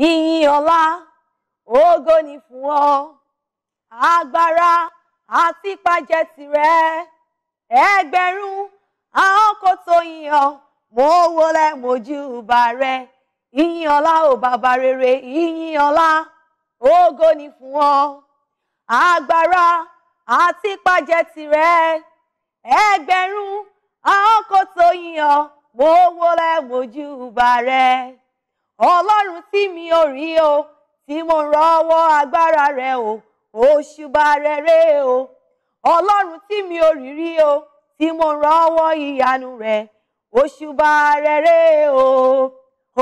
yìnyín ọlá ògo ni fún ọ agbára àti pàjẹ tìrẹ ẹgbẹ̀rún àwọn kò tó yìn ọ́ mo wọlé mojú bá rẹ yìnyín ọlá ò bàbá rere yìnyín ọlá ògo ni fún ọ agbára àti pàjẹ tìrẹ ẹgbẹ̀rún àwọn kò tó yìn ọ́ mo wọlé mojú bá rẹ ọlọ́run tí mi ò rí o tí mo rọ́wọ́ agbára rẹ o òṣùbà rere o ọlọ́run tí mi ò rí rí o tí mo rọ́wọ́ ìyanu rẹ òṣùbà rere o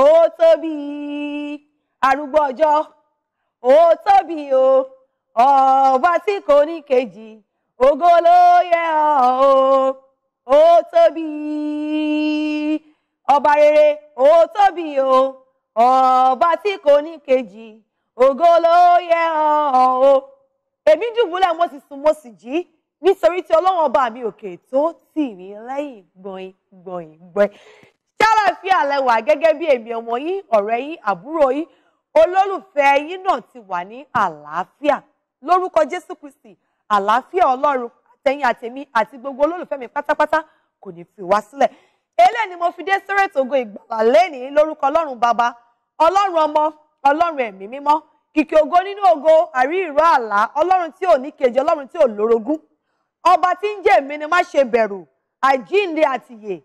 ó tóbi arúgbó ọjọ́ ó tóbi o ọba tí kò ní kejì ògo ló yẹ ọ́ o ó tóbi ọba rere ó tóbi o ọba tí kò ní kejì ògo ló yẹ ọ́ o èmi dùbúlẹ̀ mo sì sùn mo sì jí nítorí tí ọlọ́run ọba mi òkè tó tì mí lẹ́yìn gbọ̀nyìn gbọ̀nyìn gbọ̀nyìn ṣàlàfíà lẹ́wà gẹ́gẹ́ bí èmi ọmọ yín ọ̀rẹ́ yín àbúrò yín olólùfẹ́ yín náà ti wà ní àlàáfíà lórúkọ jésù kristi àlàáfíà ọlọ́run àtẹ̀yìn àtẹ̀mí àti gbogbo olólùfẹ́ mi pátápátá kò ní fi wá sílẹ̀ eléyìí ni mo fi dé sẹ́rẹ̀ tó go ìgbàlá lẹ́nìí lórúkọ ọlọ́run bàbá ọlọ́run ọmọ ọlọ́run ẹ̀mí mímọ́ kìkì ògo nínú ògo àrí ìró àlá ọlọ́run tí ò ní kejì ọlọ́run tí ò lórogún ọba tí ń jẹ́ èmi ni má ṣe bẹ̀rù àjíǹde àtìyè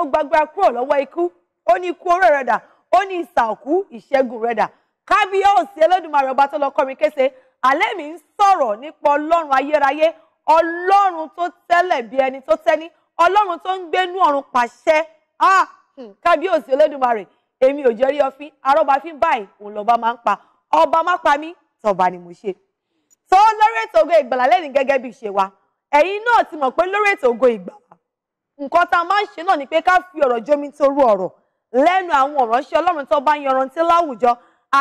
ó gbàgbà kúrò lọ́wọ́ ikú ó ní ikú oró rẹ̀ dà ó ní ìsàkú ìṣẹ́gun rẹ̀ dà kábíyèsí Olódùmarè ọba tó lọ kọrin kése alẹ́ mi ń sọ̀rọ̀ nípa ọlọ́run ayérayé ọlọ́run tó tẹ́lẹ̀ bí ẹni tó tẹ́ni ọlọ́run tó ń gbénú ọ̀run pàṣẹ ah, hmm, kábíyèsí Olódùmarè èmi ò jẹ́rí ọfín arọ́bàfín báyìí òun lọ́ba máa ń pa ọba má pa mí tọba ni mo ṣe. tó lórí ètò Ògo Ìgbàlà lẹ́nu gẹ́gẹ́ bí ṣe wa ẹ̀yin náà ti mọ̀ pé lórí ètò Ògo Ìgbàlà nǹkan tá a máa ń ṣe náà ni pé ká fi ọ̀rọ̀ jómi torú ọ̀rọ̀ lẹ́nu àwọn ọ̀ránṣẹ́ Ọlọ́run tó bá yanrantí láwùjọ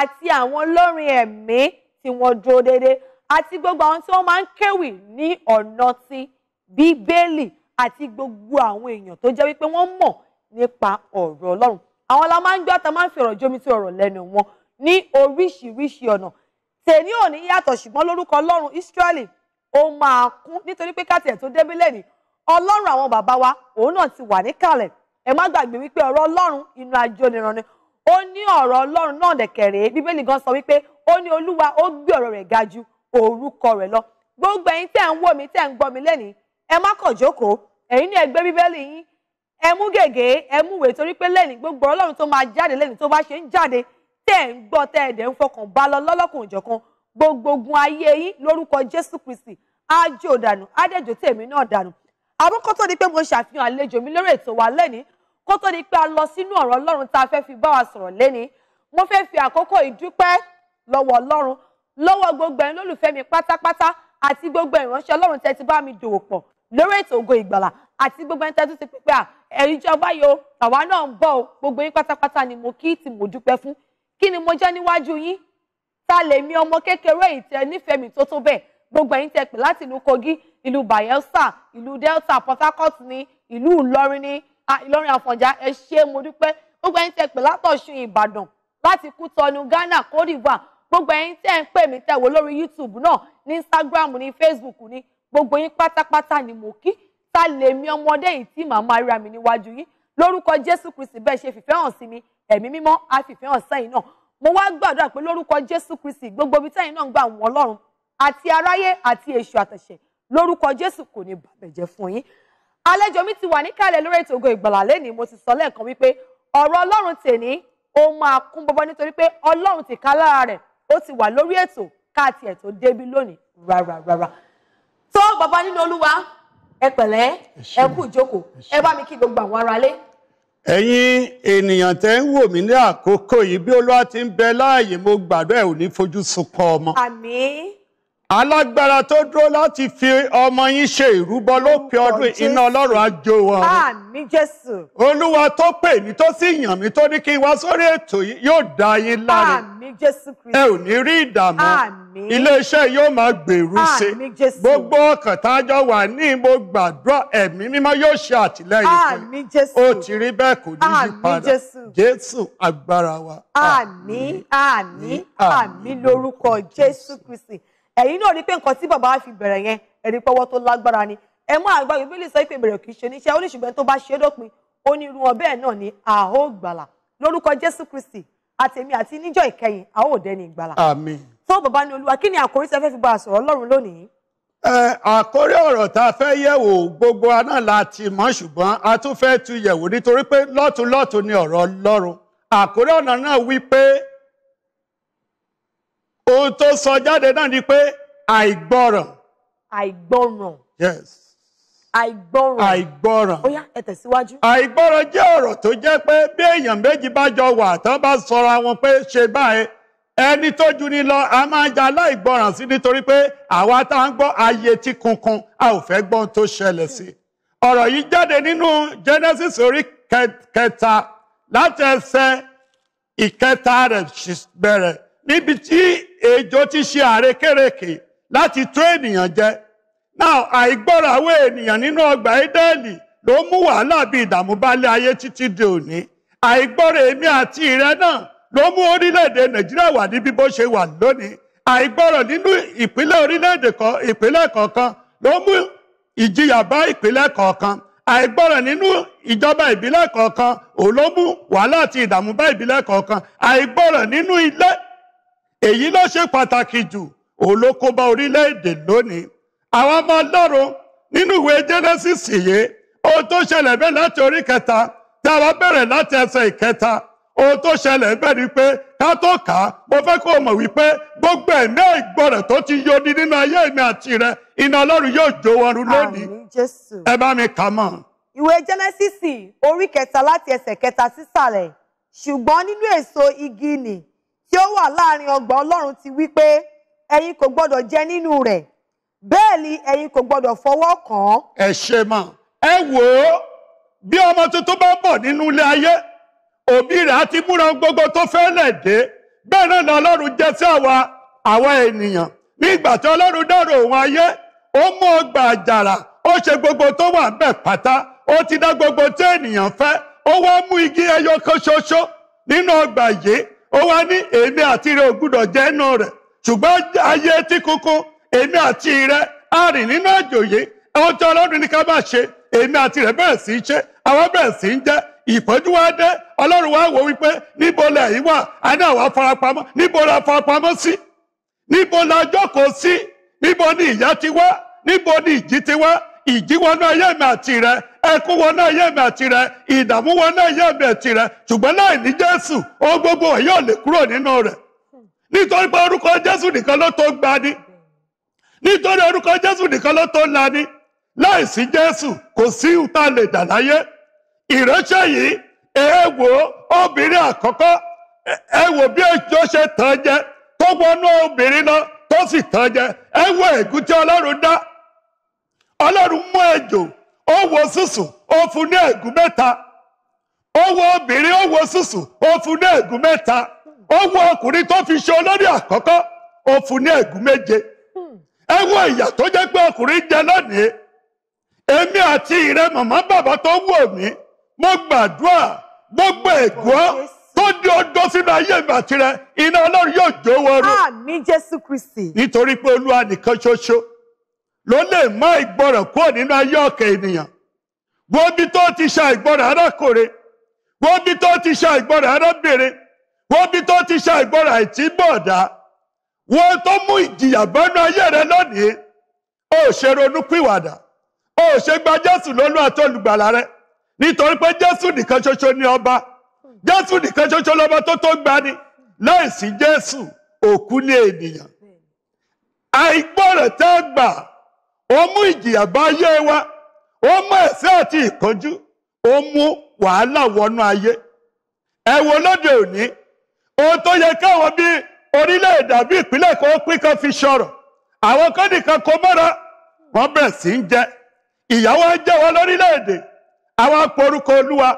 àti àwọn olórin ẹ̀mí tí wọ́n dúró déédéé àti gbogbo àwọn tí wọ́n máa ń kéwì ní ọ̀nà ti Bíbélì àti gbogbo àwọn èèyàn tó jẹ́ wípé wọ́n mọ̀ nípa ọ̀rọ̀ Ọlọ́run àwọn la máa ń gbọ́ tá máa ń fi ọ̀rọ̀ jómi tí ọ̀rọ̀ lẹ́nu wọn ní oríṣiríṣi ọ̀nà tèmi ò ní yàtọ̀ ṣùgbọ́n lórúkọ ọlọ́run Ísírẹ́lì ó máa kún nítorí pé káàtìẹ̀ tó débí lẹ́ni ọlọ́run àwọn bàbá wa òun náà ti wà níkàlẹ̀ ẹ má gbàgbé wípé ọ̀rọ̀ ọlọ́run inú ajó nìran ni ó ní ọ̀rọ̀ ọlọ́run náà dẹ̀kẹ̀rẹ̀ bíbélì gan sọ wípé ó ní olúwa ó gbé ọ̀rọ̀ rẹ̀ ga ju orúkọ rẹ̀ lọ gbogbo ẹ̀yin tẹ́ ń wò mí tẹ́ ń gbọ́ mi lẹ́ni ẹ má kàn jókòó ẹ̀yin ní ẹ bíbélì yín ẹ mú gègé ẹ mú ìwé torí pé lẹ́yìn gbogbo ọlọ́run tó máa jáde lẹ́yìn tó bá ṣe ń jáde tẹ́ ẹ̀ ń gbọ́ tẹ́ ẹ̀ dẹ̀ ń fọkàn bá lọ lọ́lọ́kùnrin jọ̀kan gbogbogun ayé yín lórúkọ Jésù Kristi ájò dànù ádẹ́jọ́ tèmi náà dànù àmọ́ kó tó di pé mo ṣàfihàn àlejò mi lórí ètò wa lẹ́nìí kó tó di pé a lọ sínú ọ̀rọ̀ ọlọ́run tá a fẹ́ fi bá wa sọ̀rọ̀ lẹ́nìí mo fẹ́ fi àkókò ìdúpẹ́ lọ́wọ́ ọlọ́run lọ́wọ́ gbogbo ẹ̀yin lólùfẹ́ mi pátápátá àti gbogbo ìránṣẹ́ ọlọ́run tẹ́ ti bá mi dòwò pọ̀ lórí ètò ògo ìgbàlà àti gbogbo ẹni tẹ́ tún ti pípẹ́ à ẹ̀rí ìjọba yo àwa náà ń bọ̀ o gbogbo yín pátápátá ni mo kí tí mo dúpẹ́ fún kí ni mo jẹ́ níwájú yín ta lè mi ọmọ kékeré ìtẹ́ nífẹ̀ẹ́ mi tó tó bẹ́ẹ̀ gbogbo ẹ̀yin tẹ́ pè láti ìlú Kogi ìlú Bayelsa ìlú Delta Port Harcourt ni ìlú Ìlọrin ni Ìlọrin Àfọ̀njá ẹ ṣé mo dúpẹ́ gbogbo ẹ̀yin tẹ́ pè látọ̀ṣun Ìbàdàn láti Kútọ́nù Ghana Cote d'Ivoire gbogbo ẹ̀yin tẹ́ ń pè mí tẹ́ wò lórí YouTube náà ní Instagram ní Facebook ní gbogbo yín pátápátá ni mo kí ta lèmi ọmọdé yìí tí màá máa ríra mi níwájú yín lórúkọ jésù kristi bẹ́ẹ̀ ṣe fìfẹ́ hàn sí mi ẹ̀mí mímọ́ á fìfẹ́ hàn sẹ́yìn náà mo wá gbàdúrà pé lórúkọ jésù kristi gbogbo ibi tẹ́yìn náà ń gbà wọ́n ọlọ́run àti aráyé àti èṣù àtẹ̀ṣẹ̀ lórúkọ jésù kò ní bàbẹ̀jẹ́ fún yín àlejò mi ti wà níkàlẹ̀ lórí ètò Ògo Ìgbàlà lẹ́nìí mo ti sọ lẹ́ẹ̀kan wípé ọ̀rọ̀ ọlọ́run tèmi ó máa kún bọ́bọ́ nítorí pé ọlọ́run ti ká lára rẹ̀ ó ti wà lórí ètò káàtì ẹ̀ tó débi lónìí rárá rárá tó bàbá nínú olúwa ẹ pẹ̀lẹ́ ẹ kú ìjókòó ẹ bá mi kí gbogbo àwọn aráalé. ẹ̀yin ènìyàn tẹ́ ń wò mí ní àkókò yìí bí olúwa ti ń bẹ láàyè mo gbàdúrà ẹ̀ ò ní fojú sunkún ọmọ. àmín alágbára tó dúró láti fi ọmọ yín ṣe ìrúbọ lópin ọdún iná ọlọ́run á jó wa. àmín jésù. olúwa tó pè mí tó sì yàn mí tó ní kí n wá sórí ètò yìí yóò dá yín láre. àmín jésù kristu. ẹ ò ní rí ìdààmú. àmín. iléeṣẹ́ yóò máa gbèrú sí i. àmín jésù. gbogbo ọkàn tá a jọ wà ní mo gbàdúrà ẹ̀mí mímọ́ yóò ṣe àtìlẹ́yìn fún mi. àmín jésù. ó ti rí bẹ́ẹ̀ kò ní yí padà. àmín jésù. jésù agbára wa. àmín àmín àmín lórúkọ jésù kristu ẹ̀yin náà rí pé nǹkan tí bàbá wa fi bẹ̀rẹ̀ yẹn ẹ̀rí pọ́wọ́ tó lágbára ni ẹ mú àgbà yóò bílẹ̀ sọ pé bẹ̀rẹ̀ kì í ṣe níṣẹ́ oníṣùgbọ́n tó bá ṣe é dópin onírú wọn bẹ́ẹ̀ náà ni àhó gbàlà lórúkọ Jésù Kristi àtẹ̀mí àti níjọ́ ìkẹyìn àhó òdẹ́ni ìgbàlà. àmín. tó bàbá ni olúwa kí ni àkórí tí a fẹ́ fi bá a sọ̀rọ̀ Ọlọ́run lónìí. ẹ àkórí ọ̀rọ̀ tá a fẹ́ yẹ̀wò gbogbo aná la ti mọ̀ ṣùgbọ́n a tún fẹ́ tu yẹ̀wò nítorí pé lọ́tùnlọ́tùn ni ọ̀rọ̀ Ọlọ́run àkórí ọ̀nà náà wí pé ohun tó sọ jáde náà ni pé àìgbọràn. àìgbọràn. yes. àìgbọràn. àìgbọràn. ó yá ẹ tẹ̀síwájú. àìgbọràn jẹ́ ọ̀rọ̀ tó jẹ́ pé bí èèyàn méjì bá jọ wà tán bá sọra wọn pé ṣe báyìí ẹni tó ju ni lọ a máa ja aláìgbọràn sí nítorí pé àwa tá à ń gbọ́ ayé tí kunkun a ò fẹ́ gbọ́n tó ṣẹlẹ̀ sí. ọ̀rọ̀ yìí jáde nínú Genesis orí kẹta láti ẹsẹ̀ ìkẹta rẹ̀ bẹ̀rẹ̀ níbi tí ejò ti ṣe àrékérekè láti tó ènìyàn jẹ náà àìgbọ́ràwé ènìyàn nínú ọgbà Édẹ́nì ló mú wàhálà bí ìdààmú bálé ayé títí di òní àìgbọ́ra èmi àti ìrẹ náà ló mú orílẹ̀-èdè Nàìjíríà wà níbi bó ṣe wà lónìí àìgbọ́rọ̀ nínú ìpínlẹ̀ orílẹ̀-èdè kan ìpínlẹ̀ kọ̀ọ̀kan ló mú ìjìyà bá ìpínlẹ̀ kọ̀ọ̀kan àìgbọ́rọ̀ nínú ìjọba ìbílẹ̀ kọ̀ọ̀kan òun ló mú wàhálà àti ìdààmú bá ìbílẹ̀ kọ̀ọ̀kan àìgbọ́rọ̀ nínú ilé èyí ló ṣe pàtàkì jù òun ló kó bá orílẹ̀-èdè lónìí àwọn ọmọ ọlọ́run nínú ìwé Genesis yìí ohun tó ṣẹlẹ̀ bẹ́ẹ̀ láti orí kẹta tá a bá bẹ̀rẹ̀ láti ẹsẹ̀ ìkẹta ohun tó ṣẹlẹ̀ bẹ́ẹ̀ ni pé ká tó kà á mo fẹ́ kó o mọ̀ wípé gbogbo ẹ̀mí ìgbọ̀rẹ̀ tó ti yọni nínú ayé mi àti rẹ iná ọlọ́run yóò jó wọn run lónìí ẹ bá mi kà mọ́. ìwé Genesis orí kẹta láti ẹsẹ̀ kẹta sísàlẹ̀ ṣùgbọ́n nínú èso igi nì tí ó wà láàrin ọgbà Ọlọ́run ti wí pé ẹ̀yin kò gbọ́dọ̀ jẹ nínú rẹ̀ bẹ́ẹ̀ ni ẹ̀yin kò gbọ́dọ̀ fọwọ́ kàn án. ẹ ṣe mà ẹ wò ó bí ọmọ tuntun bá bọ̀ nínú ilé ayé òbí rẹ̀ á ti múra gbogbo tó fẹ́ lẹ̀ dé bẹ́ẹ̀ náà ni Ọlọ́run jẹ́ sí àwa àwa ènìyàn nígbà tí Ọlọ́run dárò òun ayé ó mú ọgbà àjàrà ó ṣe gbogbo tó wà ń bẹ̀ pátá ó ti dá gbogbo tí ènìyàn fẹ́ ó wá mú igi ẹyọ kan ṣoṣo nínú ọgbà yìí ó wá ní èmi àti rẹ ò gbúdọ̀ jẹ́ inú rẹ̀ ṣùgbọ́n ayé etí kókó èmi àti rẹ a rìn nínú àjòyè ohun tí ọlọ́run ní ká bá ṣe èmi àti rẹ bẹ̀rẹ̀ sí í ṣe àwọn bẹ̀rẹ̀ sí í jẹ́ wipe. wá dé ọlọ́run wá wò wípé níbo lẹ̀ yìí wà á ní àwọn afarapamọ́ níbo la farapamọ́ sí níbo la jókòó sí níbo ni ìyà ti wá níbo ni ìjì ti wá ìjíwọnú ayé mi àti rẹ ẹkún wọnú ayé mi àti rẹ ìdààmú wọnú ayé mi àti rẹ ṣùgbọ́n láì ní jésù ohun gbogbo ẹ̀ yóò lè kúrò nínú rẹ̀ nítorí pé orúkọ jésù nìkan ló tó gbani nítorí orúkọ jésù nìkan ló tó lani láì sí jésù kò sí ìta lè dà láyé ìránṣẹ́ yìí ẹ wò obìnrin àkọ́kọ́ ẹ wò bí ejò ṣe tàn jẹ tó wọnú obìnrin lọ tó sì tàn jẹ ẹ wò ègún tí ọlọ́run dá ọlọ́run mú ejò ó wo sùsù ó fún ní ègún mẹ́ta ó wo obìnrin ó wo sùsù ó fún ní ègún mẹ́ta ó wo ọkùnrin tó fi ṣe olórí àkọ́kọ́ ó fún ní ègún méje ẹ wo ìyà tó jẹ́ pé ọkùnrin jẹ lónìí èmi àti ìrẹ màmá bàbá tó wù mí mo gbàdúrà gbogbo ègún tó di ọjọ́ sínú ayé ìgbà tirẹ̀ iná ọlọ́run yóò jó wọrọ. àmín jésù kristi. nítorí pé olúwa nìkan ṣoṣo ló lè má ìgbọràn kúrò nínú ayé ọ̀kẹ́ ènìyàn wo bí tó ti ṣe àìgbọràn arákùnrin wo bí tó ti ṣe àìgbọràn arábìnrin wo bí tó ti ṣe àìgbọràn àìtíbọ̀dá wo tó mú ìjìyà bọ́nú ayé rẹ lónìí ó ṣe ronúpìwàdà ó ṣe gba Jésù lólú àtolùgbàlà rẹ nítorí pé Jésù nìkan ṣoṣo ni ọba Jésù nìkan ṣoṣo lọ́ba tó tó gbani láìsí Jésù òkú ni ènìyàn àìgbọràn tẹ́ ó mú ìjìyà bá ayé wa ó mú ẹsẹ àti ìkánjú ó mú wàhálà wọnú ayé ẹ wo lóde òní ohun tó yẹ káwọn bí orílẹ̀-èdè àbí ìpínlẹ̀ kan pín fi sọ̀rọ̀ àwọn kan nìkan kó mọ́ra wọ́n bẹ̀rẹ̀ sí ń jẹ ìyàwó ń jẹ́ wọn àwọn olúwa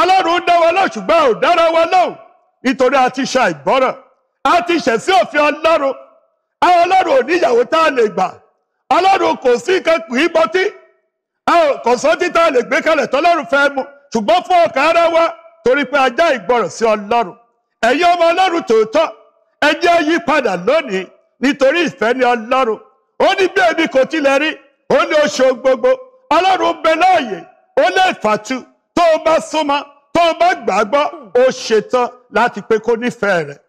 ọlọ́run dá wọn ò dára wọn lọ́hùn nítorí a a ti ṣẹ̀ sí òfin ọlọ́run àwọn ọlọ́run tá ọlọ́run kò sí nǹkan pè é bọtí kò sọ títà lè gbé kalẹ̀ tọ́lọ́run fẹ́ mu ṣùgbọ́n fún ọkàn ara wa torí pé ajá ìgbọràn sí ọlọ́run ẹ̀yin ọmọ ọlọ́run tòótọ́ ẹ jẹ́ yí padà lónìí nítorí ìfẹ́ ni ọlọ́run ó ní bí èmi kò tilẹ̀ rí ó ní oṣù gbogbo ọlọ́run bẹ láàyè ó lè fàtú tó o bá súnmọ́ tó o bá gbàgbọ́ ó ṣetán láti pé kó nífẹ̀ẹ́ rẹ̀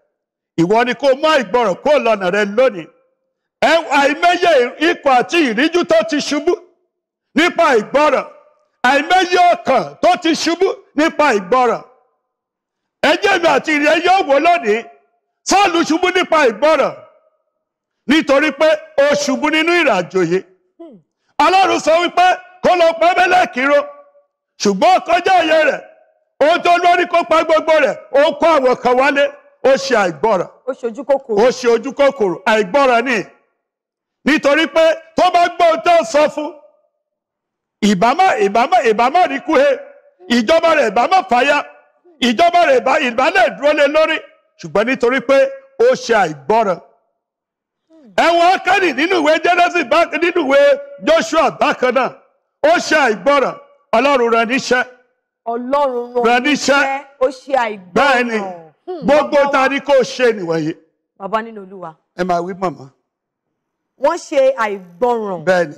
ìwọ ni kó mú àìgbọràn kó lọ́nà rẹ lónìí àìmẹ́yẹ ikọ̀ àti ìríjú tó ti ṣubú nípa ìgbọ́ràn àìmẹ́yẹ ọkàn tó ti ṣubú nípa ìgbọ́ràn ẹjẹ́ mi àti ìrẹ́ yóò wò lónìí Sọ́ọ̀lù ṣubú nípa ìgbọ́ràn nítorí pé ó ṣubú nínú ìrìnàjò yìí Ọlọ́run sọ wípé kó lọ pẹ́ mẹ́lẹ́kìró ṣùgbọ́n kọjá ẹ̀yẹ rẹ̀ ohun tó lórí kó pa gbogbo rẹ̀ ó kó àwọn kan wálé ó ṣe àìgbọ́ràn ó ṣe ojú kòkòrò àìgbọ́ràn nìyí nítorí pé tó bá gbọ́ ohun tó sọ fún ìbámá ìbámá ìbámá rí kúhe ìjọba rẹ̀ ìbámá fàyà ìjọba rẹ̀ ìbálẹ̀ dúró lé lórí ṣùgbọ́n nítorí pé ó ṣe àìgbọ́ràn ẹ̀wọ̀n akẹ́ni nínú ìwé jẹ́nẹ́sì nínú ìwé Joshua bákan náà ó ṣe àìgbọ́ràn Ọlọ́run rẹ̀ níṣẹ́ Ọlọ́run rẹ̀ níṣẹ́ ó ṣe àìgbọ́ràn bẹ́ẹ̀ ni hmm. gbogbo ta ni kò ṣe nìwọ̀nyí. bàbá nínú Olúwa. ẹ máa wí màmá wọ́n ṣe àìgbọràn bẹ́ẹ̀ni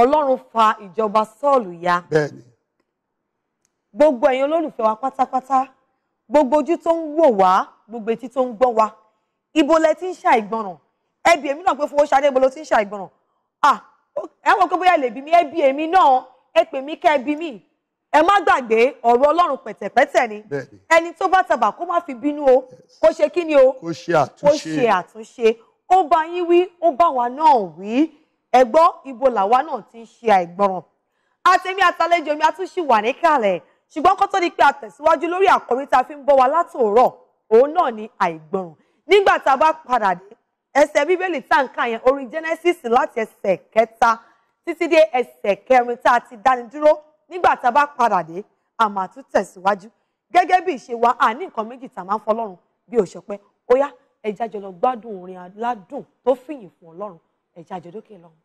ọlọ́run fa ìjọba sọ́ọ̀lù ya bẹ́ẹ̀ni gbogbo ẹ̀yin olólùfẹ́ wa pátápátá gbogbo ojú tó ń wò wá gbogbo etí tó ń gbọ́ wá ibo lẹ ti ń ṣàìgbọràn ẹbí èmi náà pé Fowóṣadé ibo ló ti ń ṣàìgbọràn à ẹ wọ́n pé bóyá lè mi ẹbí èmi náà ẹ pè mí kẹ́ ẹ bí mi ẹ má gbàgbé ọ̀rọ̀ ọlọ́run pẹ̀tẹ̀pẹ̀tẹ̀ ni ẹni tó bá tabà kó má fi bínú o kó ṣe kí ni o kó ṣe àtúnṣe ó bá yín wí ó bá wa náà wí ẹgbọ́ ibo làwa náà ti ń ṣe àìgbọràn àtẹ̀mí àtàlejò mi àtúnṣì wà níkàlẹ̀ ṣùgbọ́n kó tó di pé a tẹ̀síwájú lórí àkọ́rí tá a fi ń bọ́ wa látòórọ̀ òun náà ni àìgbọràn nígbà tá a bá padà dé ẹsẹ̀ bíbélì tá à ń kà yẹn orin Genesis láti ẹsẹ̀ kẹta títí dé ẹsẹ̀ kẹrin tá a ti dáni dúró nígbà tá a bá padà dé a máa tún tẹ̀síwájú gẹ́gẹ́ bí ìṣe wa àní nǹkan méjì tá a máa ń fọlọ́run bí òṣèpẹ́ ó yá ẹjá jọ lọ gbádùn orin aládùn tó fìyìn fún Ọlọ́run ẹjá jọ dókè lọ́hùn.